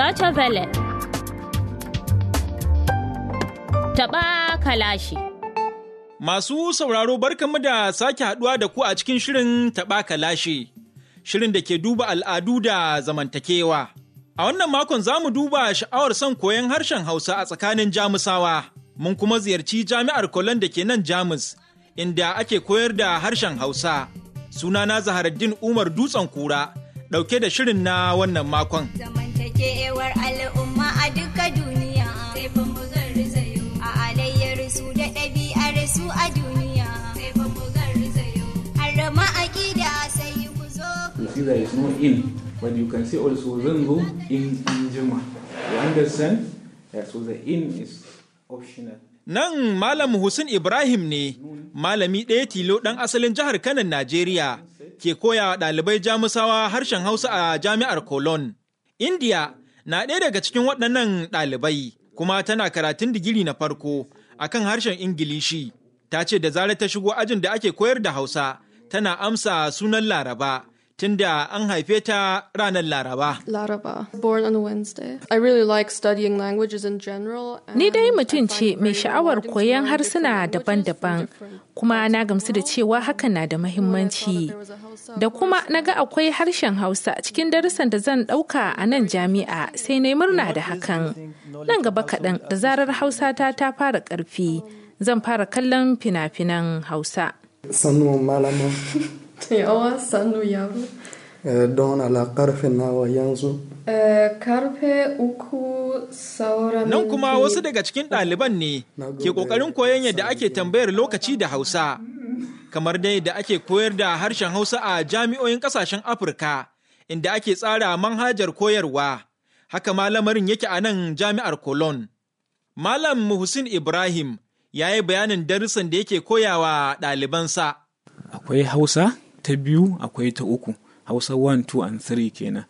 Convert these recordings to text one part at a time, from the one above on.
Deutsche Welle. Taɓa kalashi. Masu sauraro barkanmu da sake haduwa da ku a cikin shirin taɓa kalashi, shirin da ke duba al'adu da zamantakewa. A wannan makon za mu duba sha'awar son koyon harshen Hausa a tsakanin Jamusawa. Mun kuma ziyarci jami'ar Kolon da ke nan Jamus, inda ake koyar da harshen Hausa. Sunana Zaharaddin Umar Dutsen Kura, ɗauke da shirin na wannan makon. Zaman kewar al'umma a duka duniya sai fa mu garzayo a alayyar su da ɗabi'ar su a duniya sai fa mu garzayo har da aqida sai ku zo there is no in but you can see also zango in injima you understand yeah, so the in is optional Nan Malam Hussein Ibrahim ne, malami ɗaya tilo ɗan asalin jihar Kanan Najeriya, ke koya ɗalibai Jamusawa harshen Hausa a Jami'ar Cologne. Indiya na ɗaya daga cikin waɗannan ɗalibai kuma tana karatun digiri na farko akan harshen Ingilishi. Ta ce da zarar ta shigo ajin da ake koyar da Hausa, tana amsa sunan Laraba tunda an haife ta ranar Laraba. Laraba, I really like studying in general. Ni dai mutum ce mai sha'awar koyon harsuna daban-daban, kuma na gamsu da cewa hakan na da mahimmanci. Da kuma na ga akwai harshen Hausa cikin darussan da zan ɗauka a nan jami'a sai na murna da hakan. Nan gaba kaɗan da zarar Hausa ta ta fara ƙarfi, zan fara kallon fina-finan Hausa. E, dona la karfe nawa yanzu? E, karfe uku sauran Nan kuma wasu daga cikin ɗaliban ne ke ƙoƙarin koyon yadda ake tambayar lokaci da Hausa. Kamar dai da ake koyar da harshen Hausa a jami'oyin ƙasashen Afirka, inda ake tsara manhajar koyarwa. Haka malamarin yake a nan jami'ar kolon. Malam Muhsin Ibrahim ya yi bayanin darussan da yake koyawa ɗalibansa. Akwai Hausa? ta biyu akwai ta uku hausa 1 2 and 3 kenan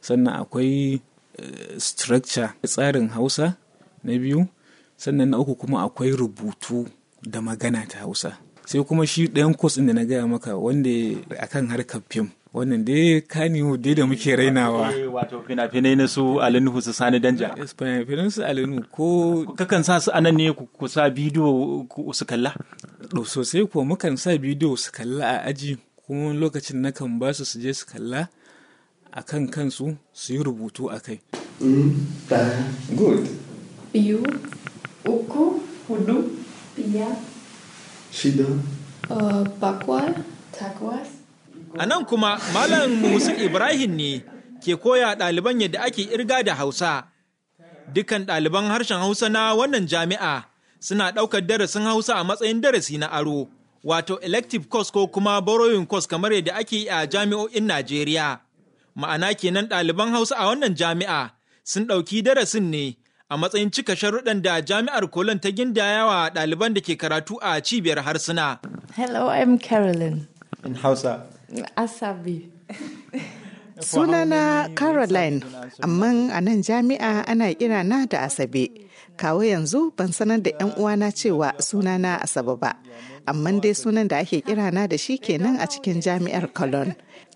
sannan akwai eh, structure tsarin hausa na biyu sannan na uku kuma akwai rubutu da magana ta hausa sai kuma shi ɗayan kwas da na gaya maka wanda a kan harkar fim wannan dai kaniyo dai da muke rainawa eh, wato fina-finai na su alinu su sani danja fina finai su alinu ko kakan sa su anan ne ku sa bidiyo su kalla sosai ko mukan sa bidiyo su kalla a aji kuma wani lokacin kan ba su suje je su kalla a kan kansu su yi rubutu a kai good biyu uku hudu shida uh, bakwai a nan kuma malam musa ibrahim ne ke koya ɗaliban yadda ake irga da hausa dukan ɗaliban harshen hausa na wannan jami'a suna ɗaukar darasin hausa a matsayin darasi na aro wato elective course ko kuma borrowing course kamar yadda ake a jami'o'in Najeriya. Ma'ana kenan ɗaliban Hausa a wannan jami'a sun ɗauki darasin ne a matsayin cika sharuɗan da jami'ar Kolon ta gindaya wa ɗaliban da ke karatu a cibiyar harsuna. Hello, I'm Carolyn. In Hausa. Asabi. Sunana Caroline, amma a nan jami'a ana kira na da Asabe. kawo yanzu ban sanar da 'yan uwana cewa sunana Asabe ba, amma dai sunan da ake kirana da shi kenan a cikin jami'ar Cologne.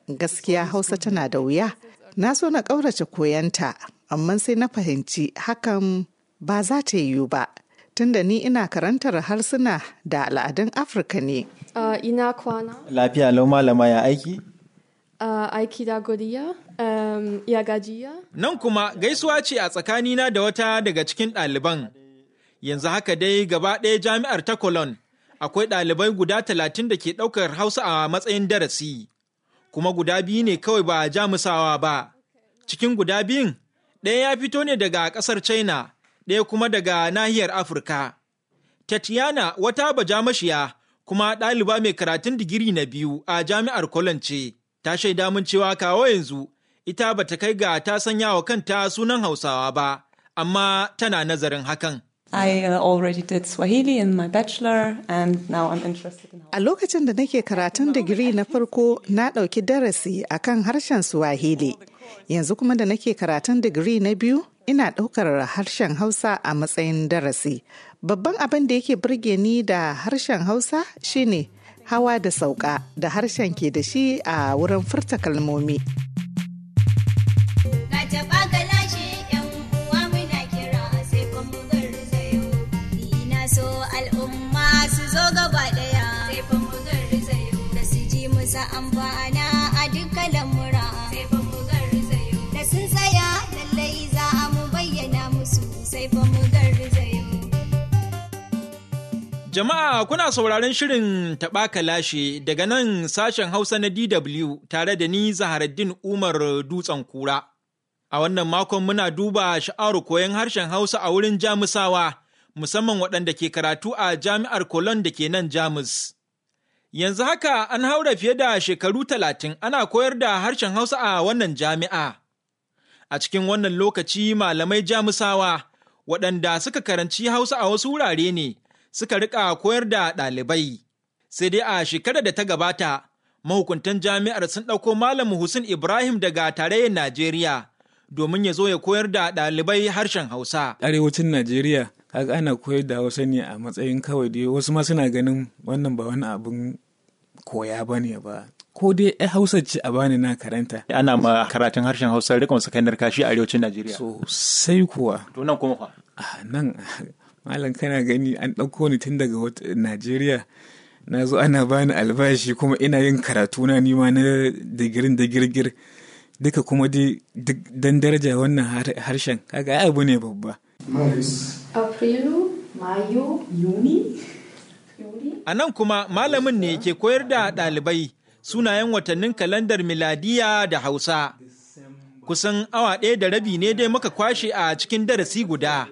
Gaskiya Hausa tana da wuya. Na so na ƙaurace koyanta, amma sai na fahimci hakan ba za ta yiwu ba. Tunda ni ina karantar harsuna da al'adun Afirka ne. Uh, ina kwana. Lafiya lau malama ya aiki? uh, Aikida Godiya, um, Nan kuma gaisuwa ce a tsakanina da wata daga cikin ɗaliban. Yanzu haka dai gaba ɗaya jami'ar ta kolon akwai ɗalibai guda talatin da ke ɗaukar Hausa a matsayin darasi, kuma guda biyu ne kawai ba jamusawa ba. Cikin guda biyun, ɗaya ya fito ne daga ƙasar China, ɗaya kuma daga nahiyar Afirka. Tatiana wata bajamashiya kuma ɗaliba mai karatun digiri na biyu a jami'ar Kolon ce. ta shaida mun cewa kawo yanzu ita ba ta kai ga ta sanya wa kanta sunan Hausawa ba, amma tana nazarin hakan. I uh, already did Swahili in my bachelor and now I'm interested in A lokacin da nake karatun digiri na farko na ɗauki darasi akan harshen Swahili. Yanzu kuma da nake karatun digiri na biyu ina ɗaukar harshen Hausa a matsayin darasi. Babban abin da yake burge ni da harshen Hausa shine hawa da sauka da harshen ke da shi a wurin furta kalmomi. Ka ce ba lashe ‘yan uwa muna kira sai ban bugar zai yau, so al’umma su zo gaba ɗaya sai ban bugar zai yau, su ji musa amfana ba’ana a duk Jama'a kuna sauraron shirin taɓa lashe daga nan sashen Hausa na DW tare da ni Zaharaddin Umar Dutsen Kura. A wannan makon muna duba sha'aru koyon harshen Hausa a wurin Jamusawa, musamman waɗanda ke karatu a Jami'ar Cologne da ke nan Jamus. Yanzu haka an haura fiye da shekaru talatin ana koyar da harshen Hausa a wannan jami'a. A cikin wannan lokaci malamai Jamusawa waɗanda suka karanci Hausa a wasu wurare ne. suka rika koyar da ɗalibai. Sai dai a shekarar da ta gabata, mahukuntan jami'ar sun ɗauko Malam Hussein Ibrahim daga tarayyar Najeriya domin ya zo ya koyar da ɗalibai harshen Hausa. Arewacin Najeriya kaga ana koyar da Hausa ne a matsayin kawai dai wasu ma suna ganin wannan ba wani abin koya ba ne ba ko dai ya hausa ce a bani na karanta ana ma karatun harshen hausa rikon sakandar kashi a arewacin najeriya So sai kuwa to kuma fa ah, nan malam kana gani an ɗauko ni tun daga najeriya na zo ana bani albashi kuma ina yin karatu na nima na digirin da girgir duka kuma dai dan daraja wannan harshen kaga ya abu ne babba afrilu a nan kuma malamin ne ke koyar da ɗalibai sunayen watannin kalandar miladiya da hausa kusan awa ɗaya da rabi ne dai muka kwashe a cikin darasi guda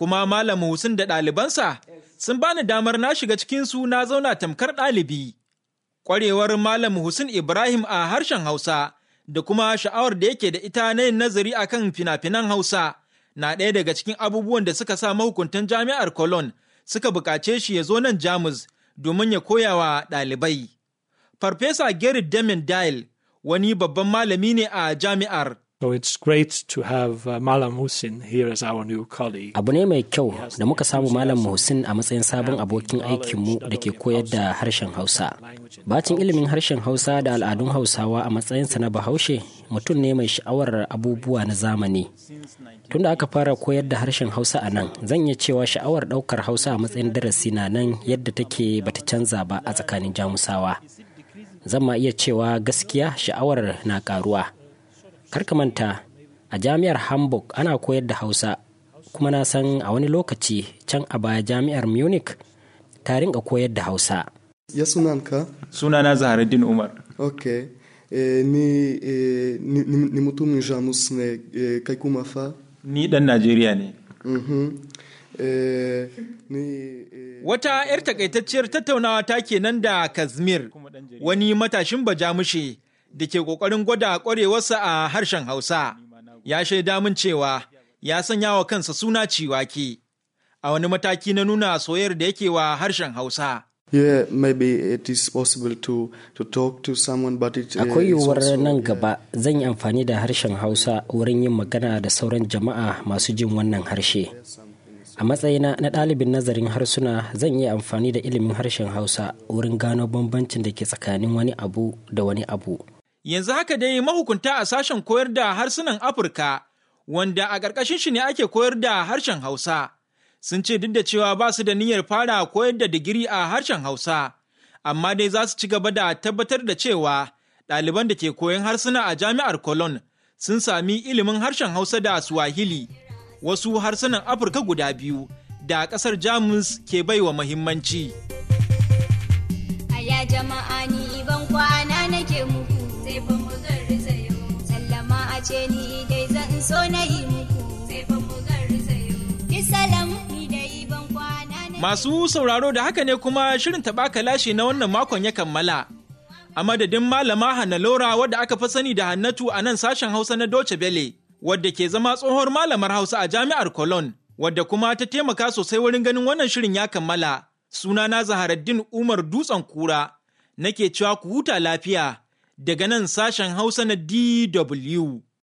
kuma Malam Husin da ɗalibansa sun bani damar na shiga cikinsu na zauna tamkar ɗalibi. Ƙwarewar Malam Husin Ibrahim a harshen Hausa da kuma sha'awar da yake da ita na yin nazari a kan fina-finan Hausa na ɗaya daga cikin abubuwan da suka sa mahukuntan jami'ar Cologne suka buƙace shi ya zo nan Jamus domin ya koya wa ɗalibai. Farfesa Gerrit Demin Dial wani babban malami ne a jami'ar So it's great to have uh, Malam Hussein as our new colleague. Abu ne mai kyau da muka samu Malam Hussein a matsayin sabon abokin aikinmu da ke koyar da harshen Hausa. Bacin ilimin harshen Hausa da al'adun Hausawa a matsayinsa na Bahaushe, mutum ne mai sha'awar abubuwa na zamani. Tunda aka fara koyar da harshen Hausa a nan, zan iya cewa sha'awar ɗaukar Hausa a matsayin darasi na nan yadda take bata canza ba a tsakanin Jamusawa. Zan ma iya cewa gaskiya sha'awar na karuwa. kar ka manta a jami'ar hamburg ana koyar da hausa kuma na san a wani lokaci can a baya jami'ar munich ta rinka koyar da hausa ya sunanka sunana zaharuddin umar ok eh, eh, ni, mutumin janus ne eh, kai kuma fa ni dan najeriya ne mhm. Wata 'yar takaitacciyar tattaunawa ta nan da Kazmir, wani matashin bajamushe da ke ƙoƙarin gwada ƙwarewarsa a harshen Hausa, ya shaida min cewa ya sanya wa kansa suna ciwaki a wani mataki na nuna soyayyar da yake wa harshen Hausa. Uh, Akwai yiwuwar nan gaba zan yi amfani da harshen Hausa wurin yin magana da sauran jama'a masu jin wannan harshe. A matsayina na ɗalibin nazarin harsuna zan yi amfani da ilimin harshen Hausa wurin gano bambancin da ke tsakanin wani abu da wani abu. Yanzu haka dai mahukunta a sashen koyar da harsunan Afirka, wanda a ƙarƙashin shi ne ake koyar da harshen Hausa, sun ce duk da cewa ba su da niyyar fara koyar da digiri a harshen Hausa, amma dai za su ci gaba da tabbatar da cewa ɗaliban da ke koyan harsuna a jami'ar Cologne sun sami ilimin harshen Hausa da Swahili, wasu harsunan Afirka guda biyu da ƙasar Jamus ke baiwa muhimmanci. jama'a ni ce masu sauraro da haka ne kuma shirin taɓa lashe na wannan makon ya kammala a madadin malama Hanna wadda aka fi sani da Hannatu a nan sashen Hausa na Doce Bele, wadda ke zama tsohon malamar Hausa a Jami'ar Cologne, wadda kuma ta taimaka sosai wurin ganin wannan shirin ya kammala. Suna Sunana Zaharaddin Umar Dutsen Kura, nake cewa ku huta lafiya daga nan sashen Hausa na DW.